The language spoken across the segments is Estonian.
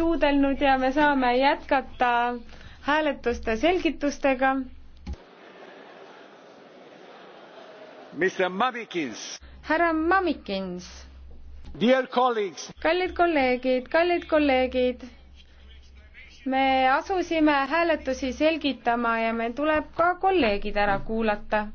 suudelnud ja me saame jätkata hääletuste selgitustega. härra Mamikins. kallid kolleegid, kallid kolleegid me asusime hääletusi selgitama ja meil tuleb ka kolleegid ära kuulata.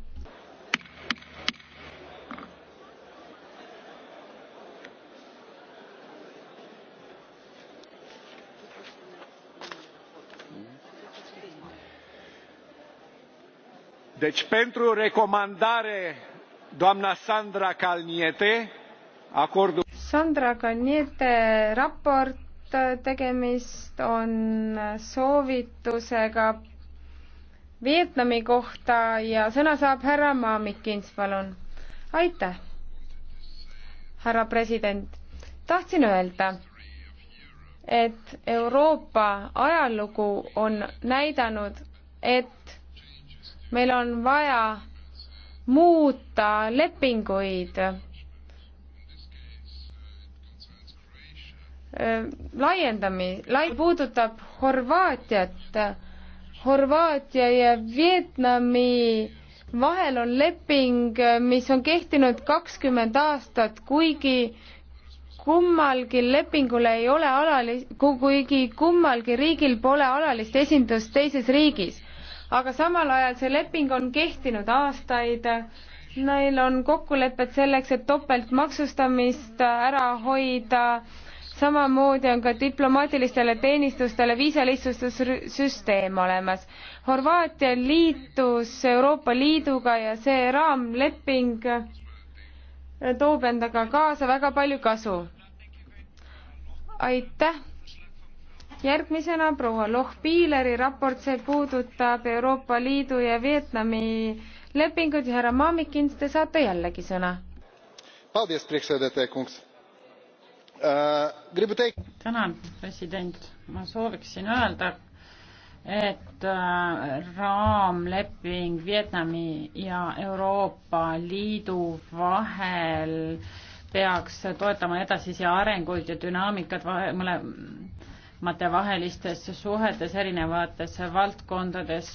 deci pentru recomandare doamna Sandra Calniete acordul Sandra Calniete raport tegemist on soovitusega Vietnami kohta ja sõna saab härra Maamikins, palun. aitäh, härra president. tahtsin öelda, et Euroopa ajalugu on näidanud, et meil on vaja muuta lepinguid laiendami-, lai-, puudutab Horvaatiat. Horvaatia ja Vietnami vahel on leping, mis on kehtinud kakskümmend aastat, kuigi kummalgi lepingul ei ole alali-, kuigi kummalgi riigil pole alalist esindust teises riigis aga samal ajal see leping on kehtinud aastaid. Neil on kokkulepped selleks, et topeltmaksustamist ära hoida. samamoodi on ka diplomaatilistele teenistustele viisalihtsustussüsteem olemas. Horvaatia liitus Euroopa Liiduga ja see raamleping toob endaga kaasa väga palju kasu. aitäh järgmisena proua Lohpiileri raport, see puudutab Euroopa Liidu ja Vietnami lepingut ja härra Mamikins, te saate jällegi sõna. Äh, tänan, president, ma sooviksin öelda, et äh, raamleping Vietnami ja Euroopa Liidu vahel peaks toetama edasisi arenguid ja dünaamikat mõle vahelistes suhetes erinevates valdkondades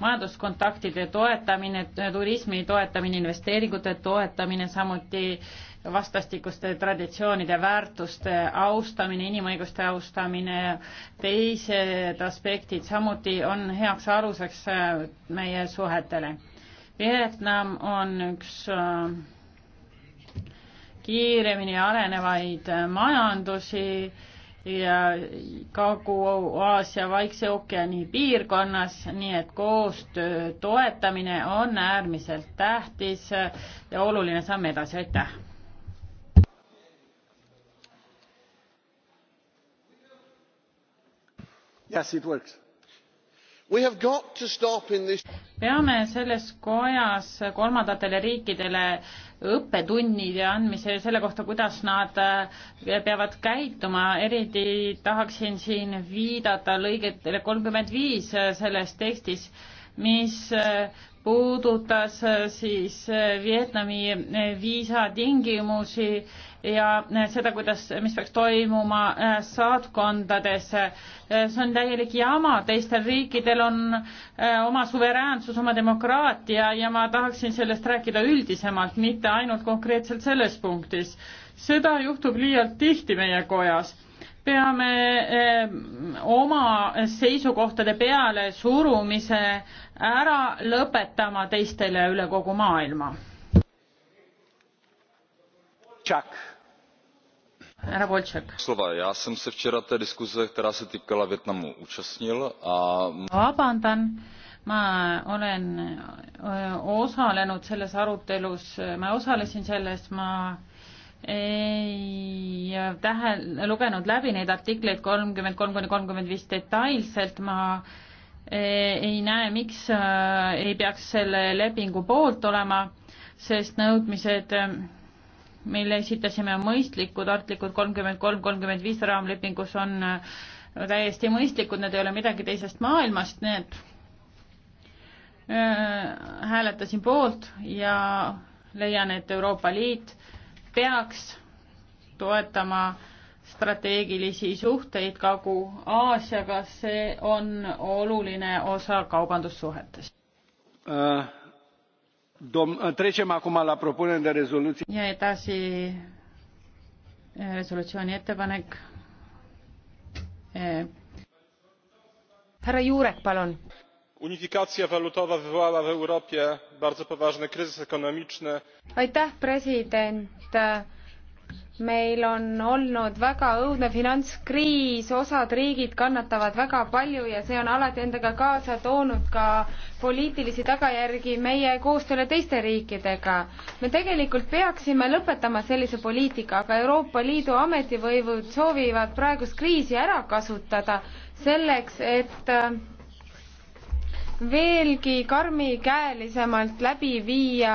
majanduskontaktide toetamine, turismi toetamine, investeeringute toetamine, samuti vastastikuste traditsioonide, väärtuste austamine, inimõiguste austamine, teised aspektid samuti on heaks aluseks äh, meie suhetele. Vietnam on üks äh, kiiremini arenevaid äh, majandusi ja Kagu-Aasia Vaikse ookeani piirkonnas, nii et koostöö toetamine on äärmiselt tähtis ja oluline samm edasi, aitäh! Yes, it works peame selles kojas kolmandatele riikidele õppetunnide andmise selle kohta, kuidas nad äh, peavad käituma, eriti tahaksin siin viidata lõigetele kolmkümmend viis äh, selles tekstis mis äh, puudutas äh, siis äh, Vietnami viisatingimusi ja seda, kuidas, mis peaks toimuma saatkondades. see on täielik jama, teistel riikidel on oma suveräänsus, oma demokraatia ja ma tahaksin sellest rääkida üldisemalt, mitte ainult konkreetselt selles punktis. seda juhtub liialt tihti meie kojas peame eh, oma seisukohtade peale surumise ära lõpetama teistele üle kogu maailma. härra Boltšak. já jsem se včera té diskuze, která se týkala Větnamu, účastnil a... Vabandan, ma olen eh, osalenud selles arutelus, ma osalesin selles, ma ei tähel-, lugenud läbi neid artikleid kolmkümmend kolm kuni kolmkümmend viis detailselt, ma eh, ei näe, miks eh, ei peaks selle lepingu poolt olema, sest nõudmised, eh, mille esitasime, mõistlikud artiklikud kolmkümmend kolm, kolmkümmend viis raamlepingus on täiesti mõistlikud, need ei ole midagi teisest maailmast, nii et hääletasin poolt ja leian, et Euroopa Liit peaks toetama strateegilisi suhteid Kagu-Aasiaga, see on oluline osa kaubandussuhetest uh,. Äh, äh, ja edasi äh, resolutsiooni ettepanek eh.. härra Juurek, palun unifikacja walutowa wywołała w europie bardzo poważny kryzys ekonomiczny. meil on olnud väga õudne finantskriis osad riigid kannatavad väga palju ja see on alati endaga kaasa toonud ka poliitilisi tagajärgi meie koostööle teiste riikidega. me tegelikult peaksime lõpetama sellise poliitika aga euroopa liidu ametivõivud soovivad praegust kriisi ära kasutada selleks et veelgi karmikäelisemalt läbi viia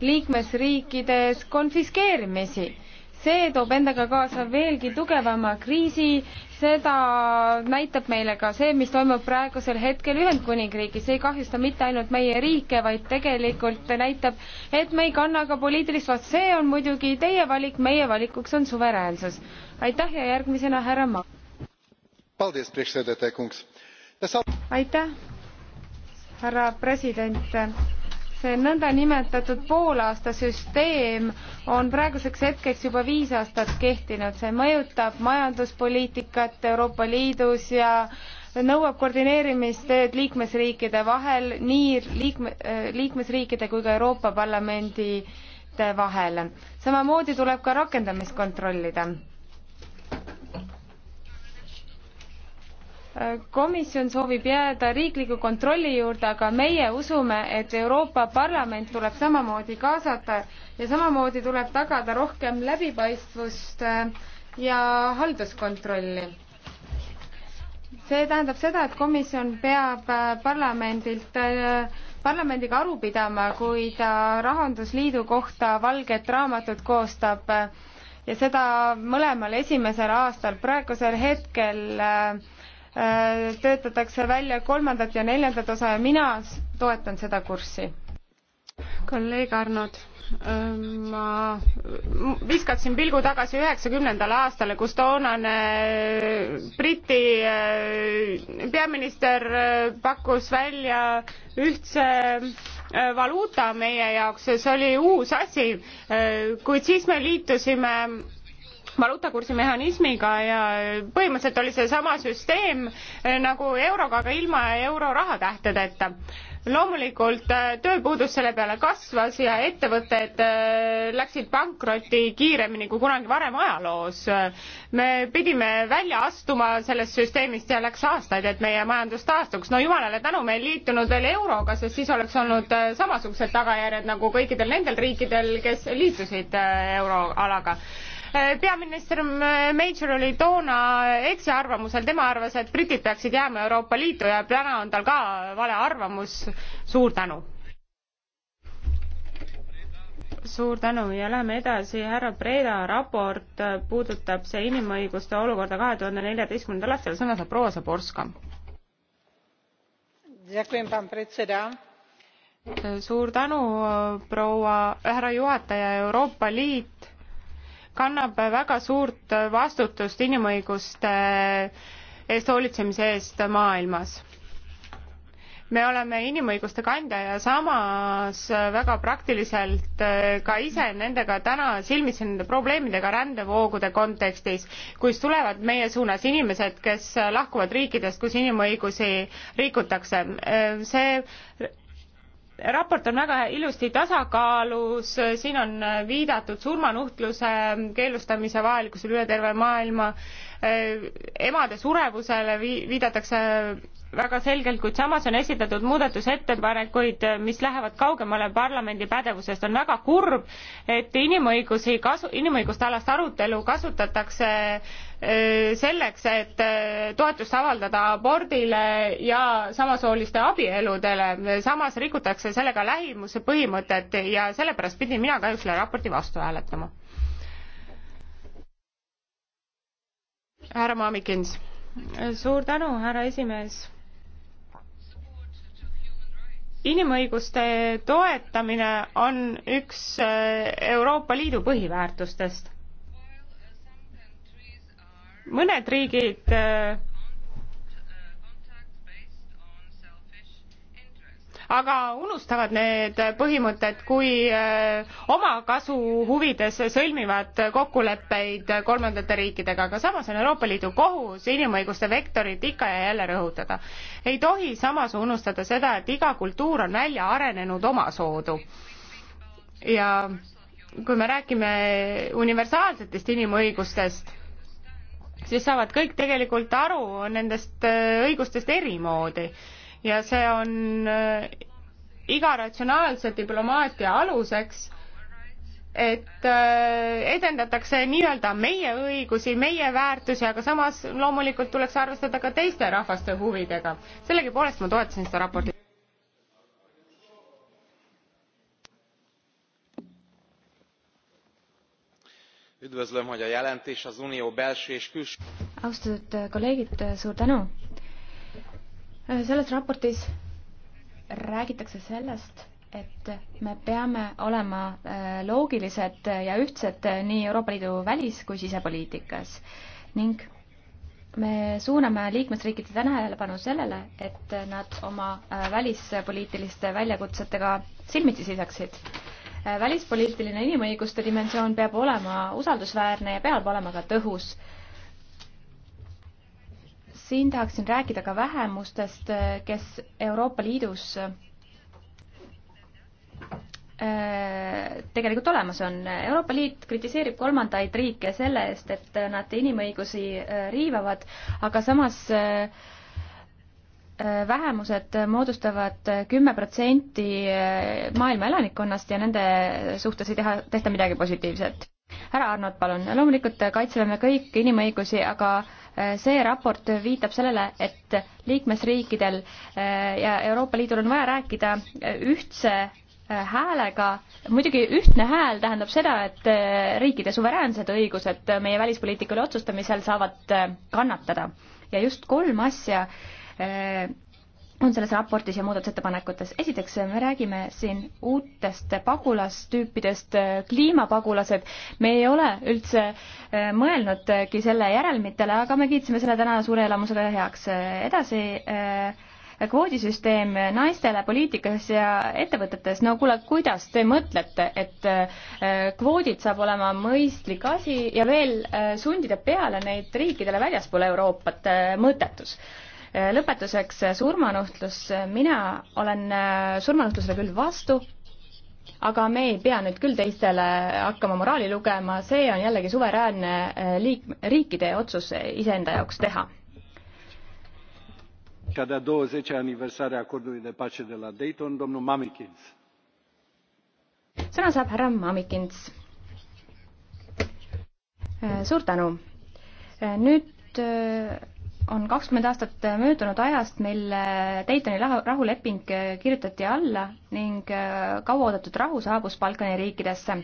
liikmesriikides konfiskeerimisi. see toob endaga kaasa veelgi tugevama kriisi, seda näitab meile ka see, mis toimub praegusel hetkel Ühendkuningriigis, ei kahjusta mitte ainult meie riike, vaid tegelikult näitab, et me ei kanna ka poliitilist vast-, see on muidugi teie valik, meie valikuks on suveräänsus. aitäh ja järgmisena härra Ma-. aitäh härra president, see nõndanimetatud poolaasta süsteem on praeguseks hetkeks juba viis aastat kehtinud, see mõjutab majanduspoliitikat Euroopa Liidus ja nõuab koordineerimistööd liikmesriikide vahel, nii liikme, liikmesriikide kui ka Euroopa Parlamendi vahel. samamoodi tuleb ka rakendamist kontrollida komisjon soovib jääda riikliku kontrolli juurde, aga meie usume, et Euroopa Parlament tuleb samamoodi kaasata ja samamoodi tuleb tagada rohkem läbipaistvust äh, ja halduskontrolli. see tähendab seda, et komisjon peab äh, parlamendilt, äh, parlamendiga aru pidama, kui ta Rahandusliidu kohta valget raamatut koostab ja seda mõlemal esimesel aastal. praegusel hetkel äh, Äh, töötatakse välja kolmandat ja neljandat osa ja mina toetan seda kurssi. kolleeg Arnold, ähm, ma viskaksin pilgu tagasi üheksakümnendale aastale, kus toonane äh, Briti äh, peaminister pakkus välja ühtse valuuta meie jaoks ja see oli uus asi, kuid siis me liitusime valuutakursimehhanismiga ja põhimõtteliselt oli seesama süsteem nagu euroga, aga ilma euro rahatähtedeta loomulikult äh, tööpuudus selle peale kasvas ja ettevõtted äh, läksid pankrotti kiiremini kui kunagi varem ajaloos. me pidime välja astuma sellest süsteemist ja läks aastaid, et meie majandus taastuks. no jumalale tänu, me ei liitunud veel euroga, sest siis oleks olnud äh, samasugused tagajärjed nagu kõikidel nendel riikidel, kes liitusid euroalaga Eh, peaminister Major oli toona eksiarvamusel, tema arvas, et britid peaksid jääma Euroopa Liitu ja täna on tal ka vale arvamus. suur tänu. suur tänu ja läheme edasi, härra Breda raport puudutab see inimõiguste olukorda kahe tuhande neljateistkümnendal aastal, sõna saab proua Zaborska. pán predseda suur tänu proua härra juhataja euroopa liit kannab väga suurt vastutust inimõiguste eest hoolitsemise eest maailmas me oleme inimõiguste kandja ja samas väga praktiliselt eh, ka ise nendega täna silmitsi nende probleemidega rändevoogude kontekstis, kus tulevad meie suunas inimesed, kes lahkuvad riikidest, kus inimõigusi rikutakse. Eh, see raport on väga ilusti tasakaalus, siin on viidatud surmanuhtluse keelustamise vajalikkusele üle terve maailma, emade surevusele viidatakse väga selgelt, kuid samas on esitatud muudatusettepanekuid, mis lähevad kaugemale parlamendi pädevusest. on väga kurb, et inimõigusi kasu, inimõiguste alast arutelu kasutatakse äh, selleks, et äh, toetust avaldada abordile ja samasooliste abieludele. samas rikutakse sellega lähimuse põhimõtet ja sellepärast pidin mina kahjuks selle raporti vastu hääletama. härra Maamikins suur tänu, härra esimees inimõiguste toetamine on üks eh, Euroopa Liidu põhiväärtustest. mõned riigid eh, aga unustavad need põhimõtted, kui äh, omakasu huvides sõlmivad kokkuleppeid kolmandate riikidega, aga samas on Euroopa Liidu kohus inimõiguste vektorit ikka ja jälle rõhutada. ei tohi samas unustada seda, et iga kultuur on välja arenenud omasoodu ja kui me räägime universaalsetest inimõigustest, siis saavad kõik tegelikult aru nendest äh, õigustest erimoodi ja see on äh, iga ratsionaalse diplomaatia aluseks, et äh, edendatakse nii-öelda meie õigusi, meie väärtusi, aga samas loomulikult tuleks arvestada ka teiste rahvaste huvidega. sellegipoolest ma toetasin seda raportit. üdvözlöm, hogy a jelentés az unió belső és külső austatud kolleegid, suur tänu selles raportis räägitakse sellest, et me peame olema äh, loogilised ja ühtsed nii Euroopa Liidu välis- kui sisepoliitikas ning me suuname liikmesriikide tähelepanu sellele, et nad oma äh, välispoliitiliste väljakutsetega silmitsi seisaksid. Äh, välispoliitiline inimõiguste dimensioon peab olema usaldusväärne ja peab olema ka tõhus siin tahaksin rääkida ka vähemustest, kes Euroopa Liidus äh, tegelikult olemas on. Euroopa Liit kritiseerib kolmandaid riike selle eest, et nad inimõigusi äh, riivavad, aga samas äh, vähemused moodustavad kümme protsenti maailma elanikkonnast ja nende suhtes ei teha, tehta midagi positiivset. härra Arnold, palun, loomulikult kaitseme me kõik inimõigusi, aga äh, Äh, see raport viitab sellele, et liikmesriikidel äh, ja Euroopa Liidul on vaja rääkida äh, ühtse häälega, muidugi ühtne hääl tähendab seda, et riikide suveräänsed õigused meie välispoliitikale otsustamisel saavad kannatada ja just kolm asja on selles raportis ja muudatusettepanekutes. esiteks me räägime siin uutest pagulastüüpidest, kliimapagulased. me ei ole üldse eh, mõelnudki selle järelmitele, aga me kiitsime selle täna suure elamusega heaks. edasi eh, kvoodisüsteem naistele poliitikas ja ettevõtetes, no kuule, kuidas te mõtlete, et eh, kvoodid saab olema mõistlik asi ja veel sundida peale neid riikidele väljaspool Euroopat, mõttetus lõpetuseks surmanuhtlus, mina olen äh, surmanuhtlusele küll vastu, aga me ei pea nüüd küll teistele hakkama moraali lugema, see on jällegi suveräänne äh, liik-, riikide otsus iseenda jaoks teha. cea de-a douăzecea aniversare a acordului de pace de la Dayton, domnul Mamikins. sõna saab härra Mamikins. Äh, suur tänu. nüüd on kakskümmend aastat möödunud ajast, mil Daytoni rahuleping kirjutati alla ning kauaoodatud rahu saabus Balkani riikidesse.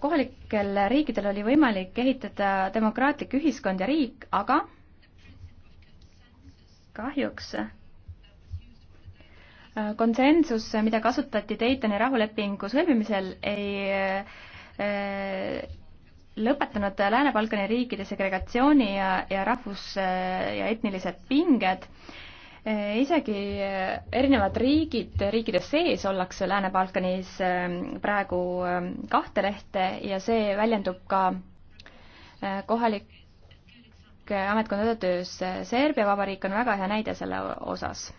kohalikel riikidel oli võimalik ehitada demokraatlik ühiskond ja riik, aga kahjuks konsensus, mida kasutati Daytoni rahulepingu sõlmimisel, ei lõpetanud Lääne-Balkani riikide segregatsiooni ja, ja rahvus- ja etnilised pinged. isegi erinevad riigid, riikide sees ollakse Lääne-Balkanis ehm, praegu ehm, kahte lehte ja see väljendub ka eh, kohalike ametkondade töös. Serbia Vabariik on väga hea näide selle osas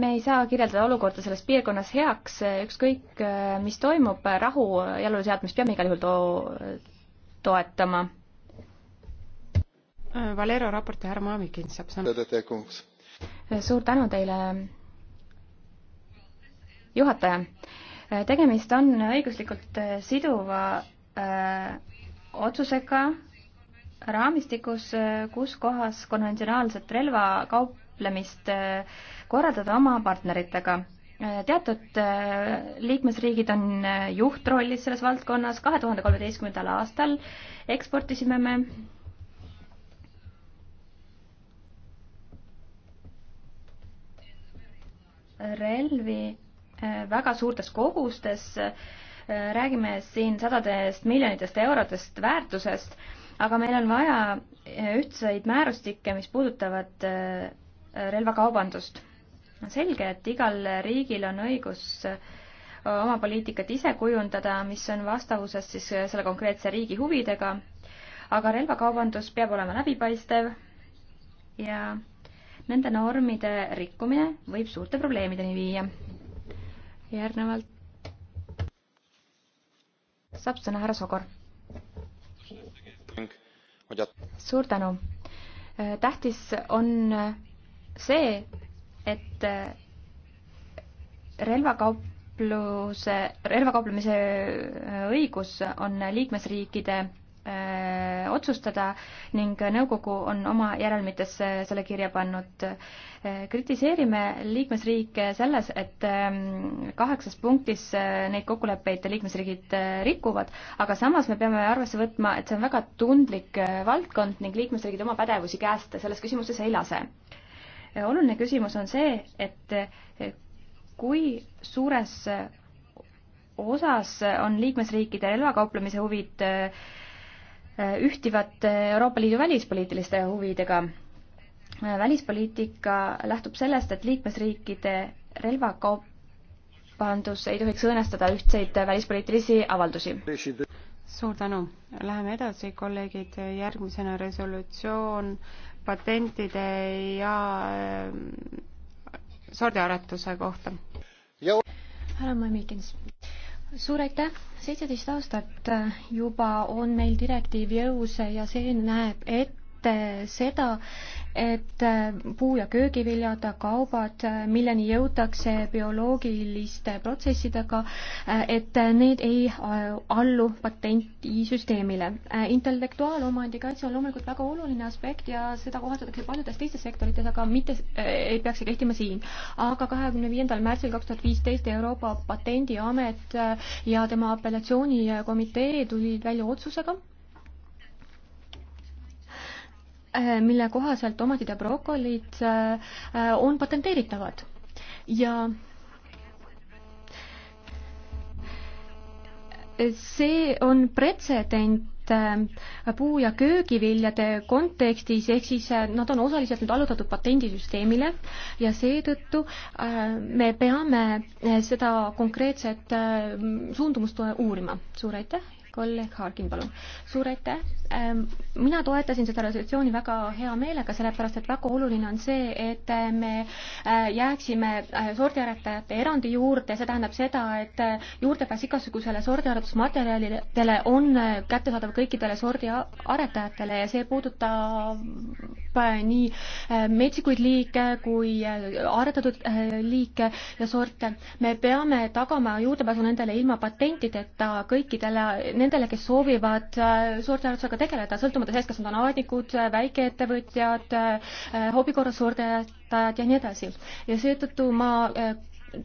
me ei saa kirjeldada olukorda selles piirkonnas heaks, ükskõik mis toimub, rahu jalule seadmist peame igal juhul to-, toetama. Valero raporti härra Maamikin saab sõna. suur tänu teile, juhataja. tegemist on õiguslikult siduva öö, äh, otsusega raamistikus, äh, kus kohas konventsionaalset relvakauplemist öö, äh, korraldada oma partneritega. teatud äh, liikmesriigid on äh, juhtrollis selles valdkonnas, kahe tuhande kolmeteistkümnendal aastal eksportisime me relvi äh, väga suurtes kogustes, räägime siin sadadest miljonitest eurodest väärtusest, aga meil on vaja ühtseid määrustikke, mis puudutavad relvakaubandust on selge, et igal riigil on õigus äh, oma poliitikat ise kujundada, mis on vastavuses siis äh, selle konkreetse riigi huvidega, aga relvakaubandus peab olema läbipaistev ja nende normide rikkumine võib suurte probleemideni viia. järgnevalt saab sõna härra Sogor. suur tänu. Äh, tähtis on see, et relvakaupluse, relvakauplemise õigus on liikmesriikide äh, otsustada ning nõukogu on oma järelmitesse selle kirja pannud. Äh, kritiseerime liikmesriike selles, et äh, kaheksas punktis neid kokkuleppeid liikmesriigid rikuvad, aga samas me peame arvesse võtma, et see on väga tundlik valdkond ning liikmesriigid oma pädevusi käest selles küsimuses ei lase oluline küsimus on see, et eh, kui suures osas on liikmesriikide relvakauplemise huvid eh, ühtivad Euroopa Liidu välispoliitiliste huvidega. Eh, välispoliitika lähtub sellest, et liikmesriikide relvakaubandus ei tohiks õõnestada ühtseid välispoliitilisi avaldusi. suur tänu, läheme edasi, kolleegid, järgmisena resolutsioon patentide ja ähm, sordiaretuse kohta. härra Mõmmikins suur aitäh, seitseteist aastat äh, juba on meil direktiiv jõus ja see näeb ette seda, et äh, puu- ja köögiviljad, kaubad, äh, milleni jõutakse bioloogiliste protsessidega, äh, et need ei allu patentisüsteemile. intellektuaalomandi kaitse on loomulikult väga oluline aspekt ja seda kohaldatakse paljudes teistes sektorites, aga mitte äh,, ei peaks see kehtima siin. aga kahekümne viiendal märtsil kaks tuhat viisteist Euroopa Patendiamet ja tema apellatsioonikomitee tulid välja otsusega, Äh, mille kohaselt omadid ja brokolid äh, on patenteeritavad ja see on pretsedent äh, puu- ja köögiviljade kontekstis, ehk siis nad on osaliselt nüüd allutatud patendisüsteemile ja seetõttu me peame seda konkreetset suundumust uurima. suur aitäh kolleeg Harkin, palun. suur aitäh. Ähm, mina toetasin seda resolutsiooni väga hea meelega, sellepärast et väga oluline on see, et äh, me äh, jääksime äh, sordiaretajate erandi juurde, see tähendab seda, et juurdepääs igasugusele sordiaretusmaterjalidele on kättesaadav kõikidele sordiaretajatele ja see puudutab nii metsikuid liike kui aretatud liike ja sorte. me peame tagama juurdepääsu nendele ilma patentideta kõikidele nendele, kes soovivad äh, suurteadusega tegeleda, sõltumata sellest, kas nad on aadnikud, äh, väikeettevõtjad, äh, hobi korras suurteadajad ja nii edasi. ja seetõttu ma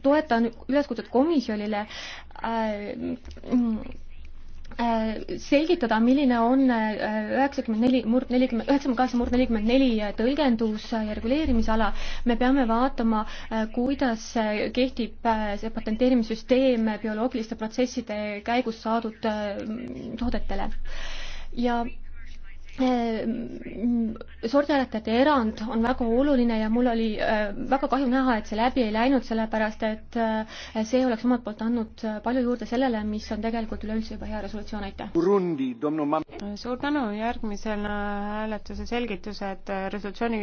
toetan üleskutset komisjonile äh, Äh, selgitada, milline on äh, üheksakümmend neli murd nelikümmend, üheksakümmend kaheksa murd nelikümmend neli äh, tõlgendus ja reguleerimisala, me peame vaatama, kuidas kehtib see patenteerimissüsteem bioloogiliste protsesside käigus saadud toodetele. ja Mm, sordialakate erand on väga oluline ja mul oli äh, väga kahju näha, et see läbi ei läinud, sellepärast et äh, see oleks omalt poolt andnud äh, palju juurde sellele, mis on tegelikult üleüldse juba hea resolutsioon, aitäh. suur tänu, järgmisena hääletuse selgitused resolutsiooni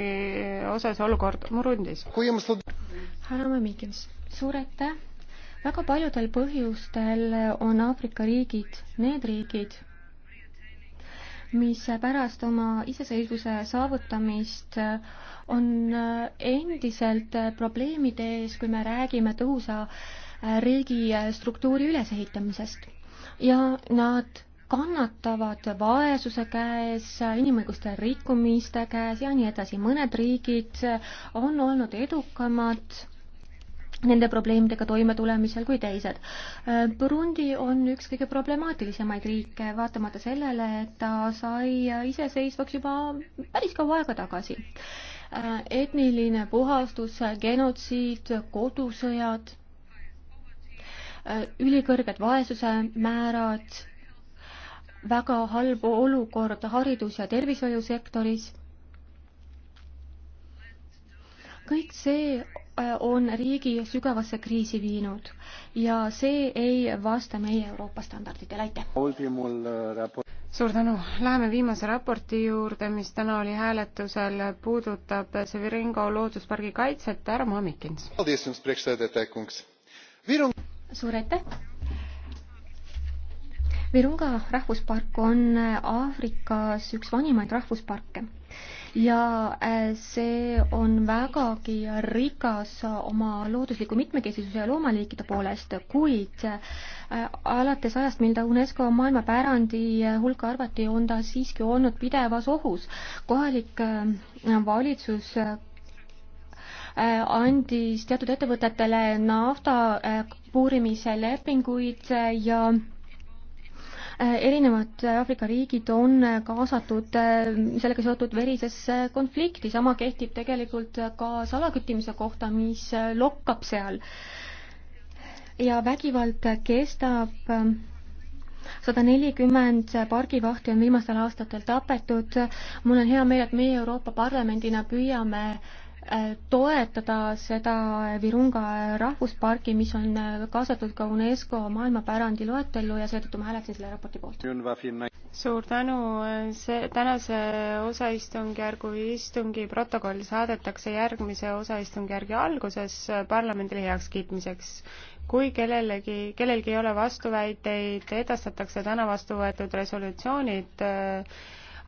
osas olukord Murundis. härra Mamikins, suur aitäh. väga paljudel põhjustel on Aafrika riigid need riigid, mis pärast oma iseseisvuse saavutamist äh, on äh, endiselt äh, probleemide ees, kui me räägime tõhusa riigistruktuuri ülesehitamisest ja nad kannatavad vaesuse käes, inimõiguste rikkumiste käes ja nii edasi. mõned riigid on olnud edukamad nende probleemidega toimetulemisel kui teised. Burundi on üks kõige problemaatilisemaid riike, vaatamata sellele, et ta sai iseseisvaks juba päris kaua aega tagasi. etniline puhastus, genotsiid, kodusõjad, ülikõrged vaesuse määrad, väga halb olukord haridus- ja tervishoiusektoris kõik see Äh, on riigi sügavasse kriisi viinud ja see ei vasta meie Euroopa standarditele, aitäh! Äh, suur tänu, läheme viimase raporti juurde, mis täna oli hääletusel, puudutab Severingo looduspargi kaitset, härra Mamikins. suur aitäh! Virunga rahvuspark on äh, Aafrikas üks vanimaid rahvusparke ja äh, see on vägagi rikas oma loodusliku mitmekesisuse ja loomaliikide poolest, kuid äh, alates ajast, mil ta UNESCO maailmapärandi hulka arvati, on ta siiski olnud pidevas ohus. kohalik valitsus andis teatud ettevõtetele nafta puurimise lepinguid ja Äh, erinevad äh, Aafrika riigid on äh, kaasatud sellega seotud verisesse konflikti, sama kehtib tegelikult ka salaküttimise kohta, mis lokkab seal. ja vägivald kestab ähm, sada nelikümmend pargivahti on viimastel aastatel tapetud. mul on hea meel, et meie Euroopa Parlamendina püüame äh, Äh, toetada seda Virunga rahvusparki, mis on äh, kaasatud ka UNESCO maailmapärandi loetellu ja seetõttu ma hääletasin selle raporti poolt. suur tänu, see tänase osaistungjärgu istungi protokoll saadetakse järgmise osaistungjärgi alguses parlamendile heakskiitmiseks. kui kellelegi, kellelgi ei ole vastuväiteid, edastatakse täna vastu võetud resolutsioonid äh,